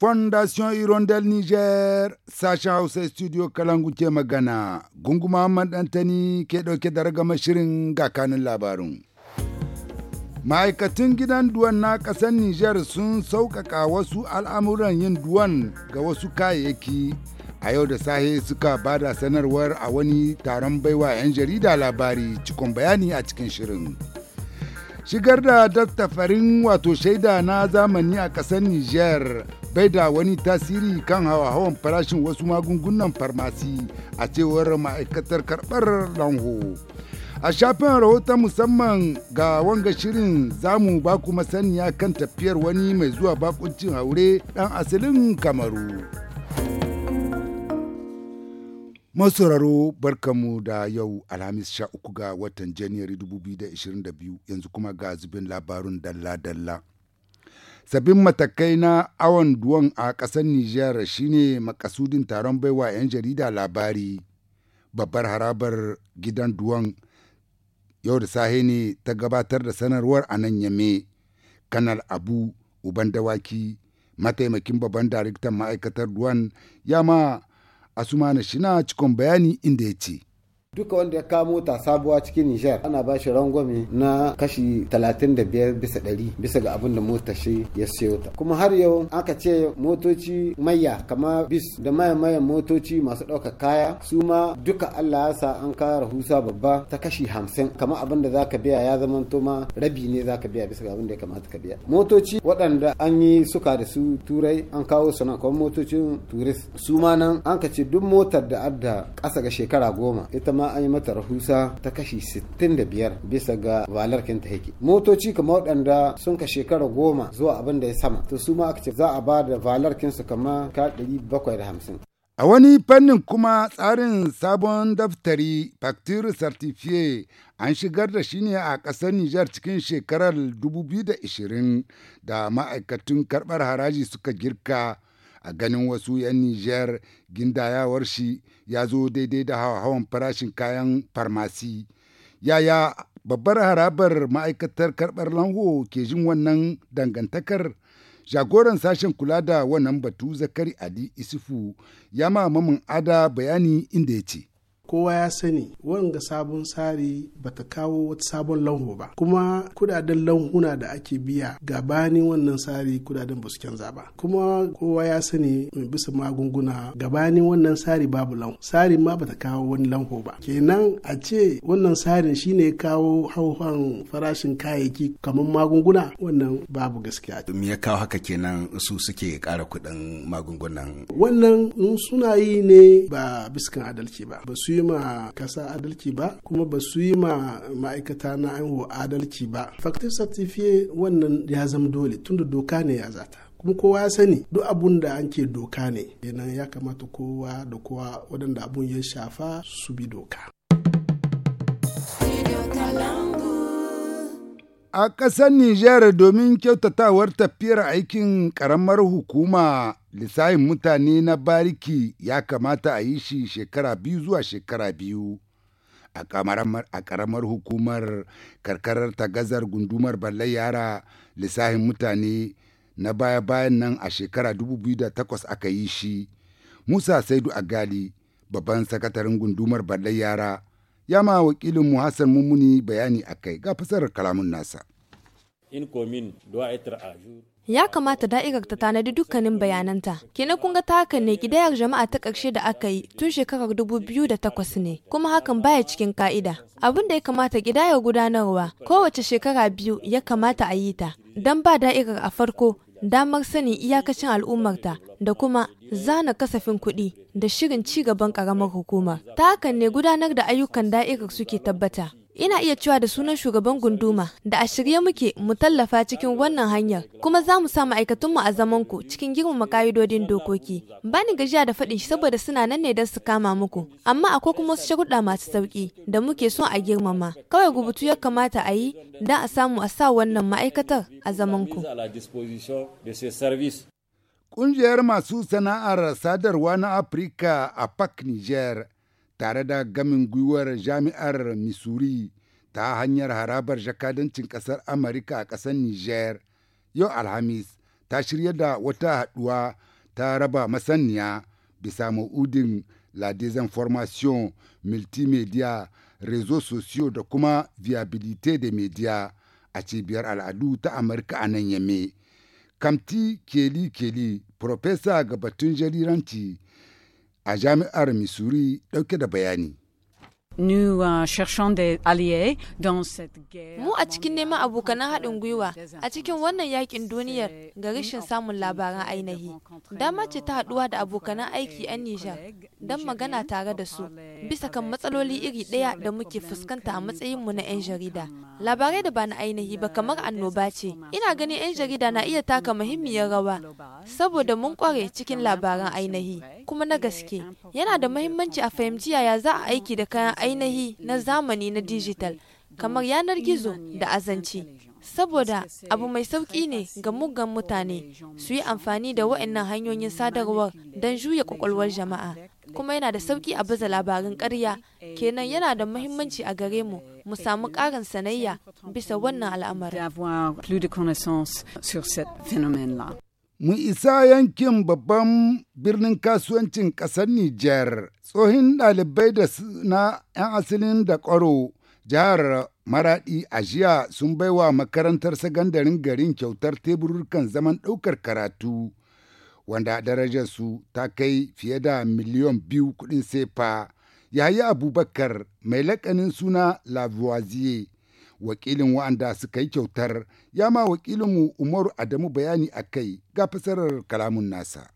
fondation irondel niger sacha hausa studio kalangu ke magana gungu muhammad dantani ke dauke da ragama shirin gakanin Labarun. ma'aikatan gidan duwan na kasar niger sun sauƙaƙa wasu al'amuran yin duwan ga wasu kayayyaki a yau da sahe suka ba da sanarwar a wani taron baiwa 'yan jarida labari cikin bayani a cikin shirin shigar da daftarin wato shaida na zamani a ƙasar niger bai da wani tasiri kan hawa-hawan farashin wasu magungunan farmasi a cewar ma'aikatar karɓar lanho a shafin rahoton musamman ga wanga shirin zamu ba ku masaniya kan tafiyar wani mai zuwa bakuncin haure ɗan asalin kamaru. masauraro barkamu da yau alhamis sha uku ga watan janairu 2022 yanzu kuma ga zubin labarun dalla-dalla sabbin matakai na awon duwan a ƙasar nijar shine makasudin taron baiwa 'yan jarida labari babbar harabar gidan duwan yau da sahe ne ta gabatar da sanarwar a nan yame kanal abu uban dawaki mataimakin babban daraktan ma'aikatar duwan ya ma Asumani Shina cikon bayani inda ya ce. duka wanda ya kamo ta sabuwa cikin Nijar ana ba shi rangwame na kashi 35 bisa 100 bisa ga abin da mota shi ya siyo ta kuma har yau aka ce motoci maya kama bis da maya maya motoci masu ɗaukar kaya su ma duka Allah ya sa an kara husa babba ta kashi 50 kama abin da zaka biya ya zama to ma rabi ne zaka biya bisa ga abin ya kamata ka biya motoci waɗanda an yi suka da su turai an kawo su nan kuma motocin turist su ma nan an ka ce duk motar da adda ƙasa ga shekara goma ita ma an yi mata rahusa ta kashi 65 bisa ga valar kinta yake motoci kamar waɗanda sun ka shekara goma zuwa abin da ya sama to su ma aka ce za a ba da valar kinsu kama ka hamsin. A wani fannin kuma tsarin sabon daftari factor Certifié an shigar da shi ne a ƙasar Nijar cikin shekarar 2020 da ma'aikatun karɓar haraji suka girka a ganin wasu 'yan Nijar gindayawar shi ya zo daidai da hawan farashin kayan farmasi. Yaya babbar harabar ma'aikatar karɓar lanho ke jin wannan dangantakar? Jagoran sashen kula da wannan batu Zakari Ali Isufu ya ma mamun ada bayani inda ya ce. kowa ya sani wanga sabon tsari ta kawo wata sabon lanho ba kuma kudaden lanhuna da ake biya gabanin wannan tsari kudaden ba su canza ba kuma kowa ya sani bisa magunguna gabanin wannan tsari babu lanho tsari ma ba ta kawo wani lanho ba kenan a ce wannan tsarin shine kawo hauhan farashin kayayyaki kamar magunguna wannan babu gaskiya me ya kawo haka kenan su suke kara kuɗin magungunan wannan suna yi ne ba biskan adalci ba ba su yi ma kasa adalci ba kuma ba su yi ma ma'aikata na aiwo adalci ba factor certificate wannan ya zama dole tunda doka ne ya zata kuma kowa ya sani duk abun da an ke doka ne kenan ya kamata kowa da kowa waɗanda abun ya shafa su bi doka a ƙasar Nijar domin kyautatawar tafiyar aikin ƙaramar hukuma lissayin mutane na bariki ya kamata a yi shi shekara biyu zuwa shekara biyu a ƙaramar hukumar karkarar gazar gundumar ballai yara lissahin mutane na baya-bayan nan a shekara 2008 aka yi shi musa saidu agali babban sakataren gundumar ballai yara ya ma wakilin mu hassan mummuni bayani a kai ga fasarar kalamun nasa in Ya kamata da'irar ta tanadi dukkanin bayananta. Kina kun ga ta hakan ne kidayar jama'a ta ƙarshe da aka yi tun shekarar dubu biyu da takwas ne, kuma hakan baya cikin ka'ida. Abin da ya kamata kidayar gudanarwa kowace shekara biyu ya kamata a yi ta, don ba da'irar a farko damar sanin iyakacin al'ummarta da kuma zana kasafin kuɗi da shirin ci gaban ƙaramar hukumar. Ta hakan ne gudanar da ayyukan da'irar suke tabbata. Ina iya cewa da sunan shugaban gunduma da a shirye muke mu tallafa cikin wannan hanyar kuma za mu sa ma'aikatunmu a zaman cikin girmama ka'idodin dokoki. Ba ni gajiya da faɗin shi saboda suna nan ne don su kama muku. Amma akwai kuma wasu sharuɗa masu sauƙi da muke son a girmama. Kawai rubutu ya kamata a yi don a samu a sa wannan ma'aikatar a zaman ku. Ƙungiyar masu sana'ar sadarwa na Afirka a Pak Niger tare da gamin gwiwar jami'ar missouri ta hanyar harabar jakadancin ƙasar amurka a ƙasar niger yau alhamis ta shirya da wata haduwa ta raba masaniya bisa ma'udin la formation multimedia rezo socio da kuma viabilite de media a cibiyar al'adu ta amurka a nan yame kamti keli keli profesa gabatun jariranci a jami'ar Missouri ɗauke da bayani. Euh, mu a cikin neman abokanan haɗin gwiwa a cikin wannan yakin duniyar ga rashin samun labaran ainihi. Dama ce ta haɗuwa da abokanan aiki 'yan Nijar don magana tare da su bisa kan matsaloli iri ɗaya da muke fuskanta a matsayin mu na 'yan jarida. Labarai da ba na ainihi ba kamar annoba ce. Ina ganin 'yan jarida na iya taka muhimmiyar rawa saboda mun kware cikin labaran ainihi kuma na gaske. Yana da muhimmanci a fahimci yaya za a aiki da kayan aiki ainihi na zamani na dijital kamar yanar gizo da azanci saboda abu mai sauƙi ne ga mugan mutane su yi amfani da waɗannan hanyoyin sadarwar don juya kwakwalwar jama'a kuma yana da sauƙi a baza labarin ƙarya kenan yana da muhimmanci a gare mu mu samu ƙarin sanayya bisa wannan al'amarin Mu isa yankin babban birnin kasuwancin ƙasar Nijar, tsohin ɗalibai da na 'yan asalin da ƙwaro jihar Maraɗi a jiya sun baiwa makarantar sakandaren garin kyautar teburukan zaman ɗaukar karatu, wanda darajarsu ta kai fiye da miliyon biyu kuɗin sefa. Yayi Abubakar mai laƙanin suna Lavoisier wakilin wa'anda suka yi kyautar ya ma wakilinmu umaru adamu bayani a kai ga fasarar kalamun nasa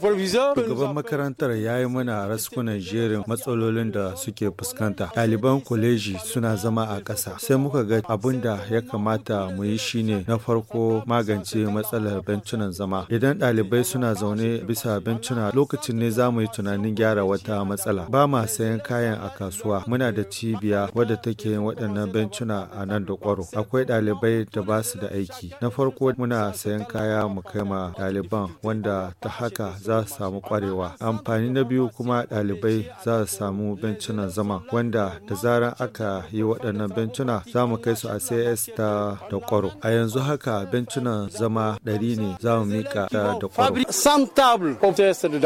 Shugaban makarantar ya yi mana a raskunan jerin matsalolin da suke fuskanta. Ɗaliban kwaleji suna zama a ƙasa. Sai muka ga abin da ya kamata mu yi shi ne na farko magance matsalar bencunan zama. Idan ɗalibai suna zaune bisa bencuna lokacin ne za mu yi tunanin gyara wata matsala. Ba ma sayan kayan a kasuwa. Muna da cibiya wadda take yin waɗannan bencuna a nan da kwaro. Akwai ɗalibai da ba su da aiki. Na farko muna sayan kaya mu kai ma ɗaliban wanda ta haka za su samu kwarewa amfani na biyu kuma ɗalibai za su samu bencunan zama wanda da zarar aka yi waɗannan bencuna za mu kai su a cs ta da kwaro a yanzu haka bencunan zama ɗari ne za mu mika ta da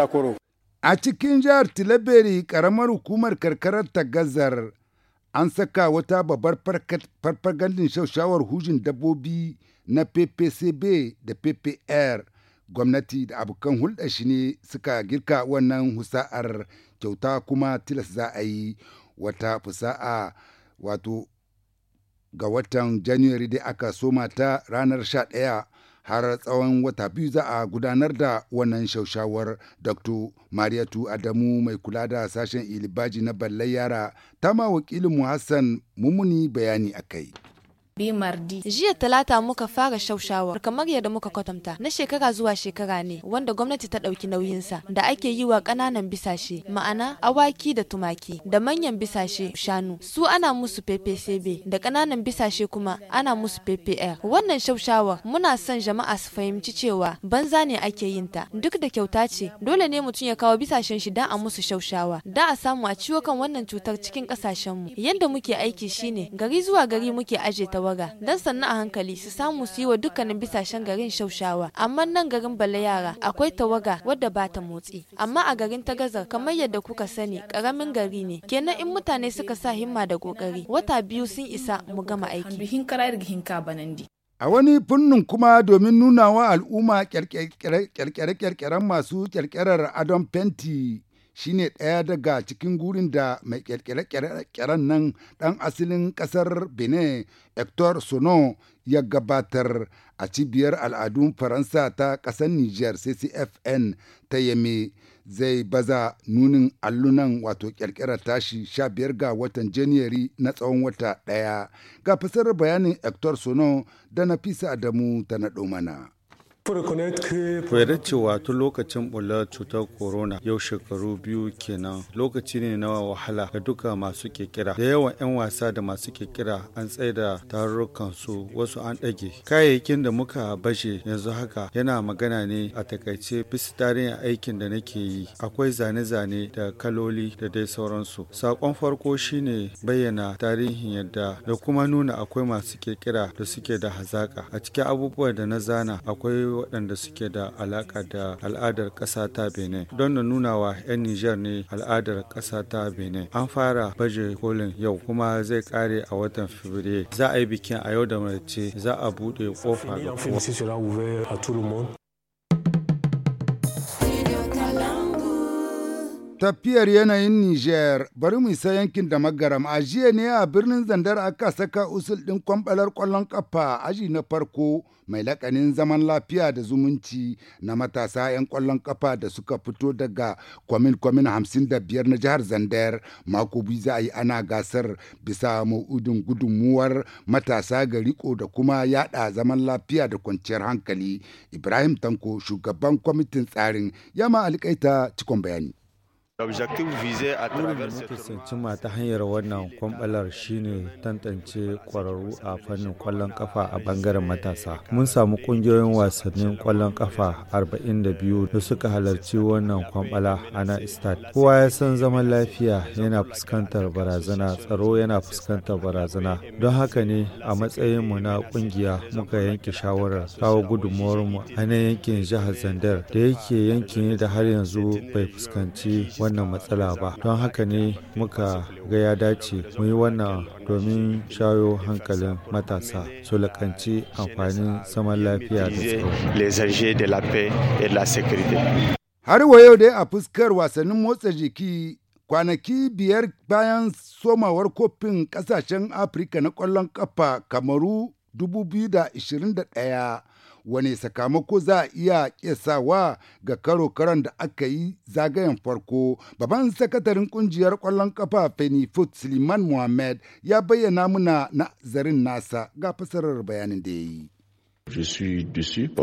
kwaro a cikin jihar tilaberi karamar hukumar karkarar ta gazar an saka wata babbar farfagandun shawar hujin dabbobi na ppcb da ppr gwamnati da abokan hulɗar shi ne suka girka wannan husa'ar kyauta kuma tilas za a yi wata fusa'a wato ga watan january da aka soma ta ranar 11 har tsawon wata biyu za a gudanar da wannan shaushawar dr mariatu adamu mai kula da sashen ilibaji na ballar yara ta ma mu hassan mummuni bayani a kai Bimardi. Jiya talata muka fara shaushawa kamar yadda muka kwatanta na shekara zuwa shekara ne wanda gwamnati ta ɗauki nauyinsa da ake yi wa ƙananan bisashe ma'ana awaki da tumaki da manyan bisashe shanu su ana musu sebe da ƙananan bisashe kuma ana musu ppr wannan shaushawa muna son jama'a su fahimci cewa banza ne ake yin ta duk da kyauta ce dole ne mutum ya kawo bisashen shi dan a musu shaushawa da a samu a ciwo kan wannan cutar cikin ƙasashenmu yadda muke aiki shine gari zuwa gari muke aje ta tawaga dan sannu a hankali su samu su yi wa dukkanin bisashen garin shaushawa amma nan garin bala yara akwai tawaga wadda ba ta motsi amma a garin tagazar kamar yadda kuka sani karamin gari ne kenan in mutane suka sa himma da kokari wata biyu sun isa mu gama aiki A wani funnin kuma domin nuna wa al'umma kyarkyare masu kyarkyarar adon fenti shine ɗaya daga cikin gurin da mai ƙirƙire nan ɗan asalin ƙasar benin hector sono ya gabatar a cibiyar al'adun faransa ta ƙasar niger ccfn ta yame zai baza nunin allunan wato ƙirƙirar tashi sha biyar ga watan janairu na tsawon wata ɗaya ga fasarar bayanin hector sono da nafisadamu adamu ta naɗo mana. da cewa tun lokacin bular cutar corona yau shekaru biyu kenan lokaci ne na wahala ga duka masu kekira. Da yawan 'yan wasa da masu kekira an tsaida tarurrukan su wasu an ɗage. Kayayyakin da muka bashe yanzu haka yana magana ne a takaice bisa tarihin aikin da nake yi. Akwai zane-zane da kaloli da dai sauransu. Sakon farko shine bayyana tarihin yadda da kuma nuna akwai masu kekira da suke da hazaka. A cikin abubuwan da na zana akwai waɗanda suke da alaƙa da al'adar ƙasa ta Benin don na nuna wa 'yan Nijar ne al'adar ƙasa ta Benin. An fara baje kolin yau kuma zai ƙare a watan Fabrairu. Za a yi bikin a yau da mace za a buɗe ƙofa ga kowa. Tafiyar yanayin Niger bari mu isa yankin da magaram a jiya ne a birnin Zandar aka saka usul ɗin kwamɓalar ƙwallon ƙafa aji na farko mai lakanin zaman lafiya da zumunci na matasa 'yan ƙwallon ƙafa da suka fito daga kwamin-kwamin hamsin da biyar na jihar Zandar mako biyu za a yi ana gasar bisa ma'udin gudunmuwar matasa ga riko da kuma yada zaman lafiya da kwanciyar hankali. Ibrahim Tanko shugaban kwamitin tsarin yama alƙaita cikon bayani. Burin da muke cimma ta hanyar wannan kwambalar shine tantance kwararru a fannin kwallon kafa a bangaren matasa. Mun samu ƙungiyoyin wasannin kwallon kafa 42 da suka halarci wannan kwamɓala a na stad. Kowa ya san zaman lafiya yana fuskantar barazana, tsaro yana fuskantar barazana. Don haka ne a matsayinmu na ƙungiya muka yanke shawarar kawo gudunmuwarmu a nan yankin jihar Zandar da yake yankin da har yanzu bai fuskanci wannan matsala ba don haka ne muka ga ya dace mu yi wannan domin shayo hankalin matasa su lakanci amfanin saman lafiya da tsaro. Har wa yau dai a fuskar wasannin motsa jiki kwanaki biyar bayan somawar kofin kasashen Afirka na kwallon ƙafa kamaru 2021 wani sakamako za a iya kesawa ga karo karon da aka yi zagayen farko babban sakatarin kungiyar kwallon kafa fenifut suleiman mohammed ya bayyana muna nazarin nasa ga fasarar bayanin da ya yi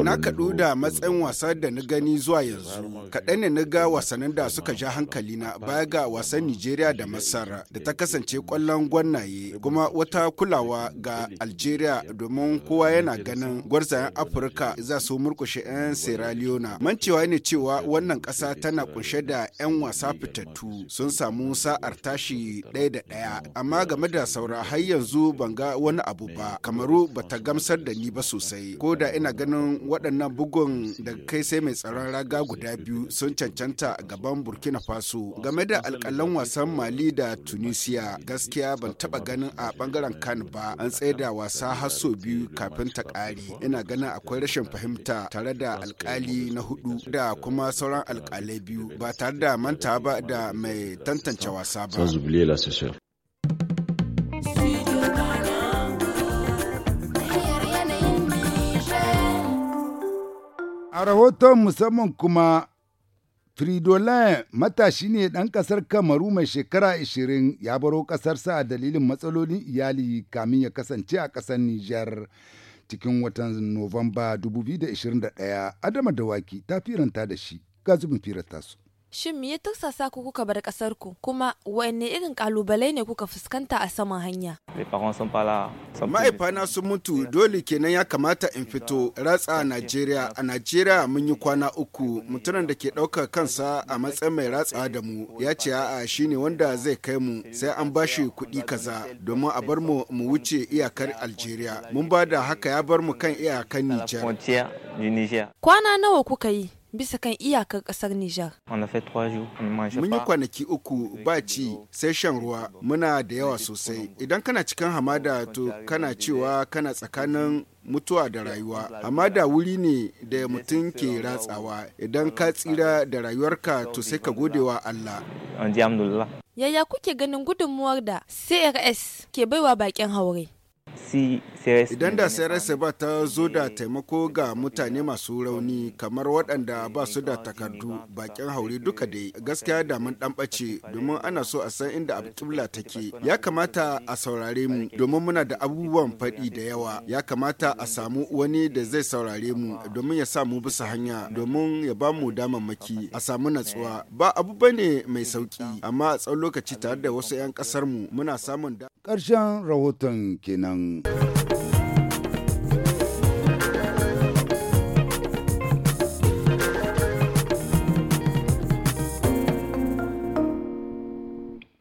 Na kaɗu da matsayin wasa da na gani zuwa yanzu, kaɗan ne na ga wasannin da suka ja hankali na baya ga wasan Nijeriya da Masar da ta kasance ƙwallon gwannaye kuma wata kulawa ga Algeria domin euh, kowa yana ganin gwarzayen Afirka za su murkushe 'yan Sierra Leone. Mancewa ne cewa wannan ƙasa tana kunshe da 'yan wasa fitattu sun samu sa'ar tashi ɗaya da ɗaya, amma game da saura har yanzu ban ga wani abu ba, kamaru bata gamsar da ni ba sosai. ko da ina ganin waɗannan bugun da kai sai mai tsaron raga guda biyu sun cancanta gaban burkina faso game da alƙalan wasan mali da tunisia gaskiya ban taɓa ganin a ɓangaren kan ba an tsaida wasa har biyu kafin ta ƙari ina ganin akwai rashin fahimta tare da alkali na hudu da kuma sauran alƙalai biyu ba tare da manta ba da mai tantance wasa ba A rahoton musamman kuma Fridolin matashi ne ɗan ƙasar Kamaru mai shekara 20 ya baro ƙasarsa a dalilin matsalolin iyali kamin ya kasance a ƙasar Nijar cikin watan Nuwamba 2021. Adama Dawaki ta firanta da shi, ga zubin firanta su. Shin me ya tursasa ku kuka bar ƙasar ku kuma wanne irin ƙalubale ne kuka fuskanta a saman hanya? Ma'aifana sun mutu dole kenan ya kamata in fito ratsa a Najeriya. A Najeriya mun yi kwana uku mutumin da ke ɗaukar kansa a matsayin mai ratsa da mu ya ce a'a shine wanda zai kai mu sai an ba shi kuɗi kaza domin a bar mu mu wuce iyakar Algeria. Mun ba da haka ya bar mu kan iyakar Nijar. Kwana nawa kuka yi? bisa kan iyakar ƙasar Nijar. Mun yi kwanaki uku ba ci sai shan ruwa muna da yawa sosai. Idan kana cikin hamada to kana cewa kana tsakanin mutuwa da rayuwa hamada wuri ne da mutum ke ratsawa idan ka tsira da rayuwarka to sai ka godewa Allah yaya kuke ganin gudunmuwar da CRS ke baiwa bakin haure Idan da CRS ba ta zo da taimako ga mutane masu rauni kamar waɗanda ba su da takardu bakin hauri duka dai gaskiya da mun dan bace domin ana so a san inda alƙibla take. Ya kamata a saurare mu domin muna da abubuwan faɗi da yawa. Ya kamata a samu wani da zai saurare mu domin ya sa mu bisa hanya domin ya ba mu damammaki a samu natsuwa. Ba abu bane mai sauki amma a tsawon lokaci tare da wasu 'yan ƙasar mu muna samun da. Ƙarshen rahoton kenan. Thanks.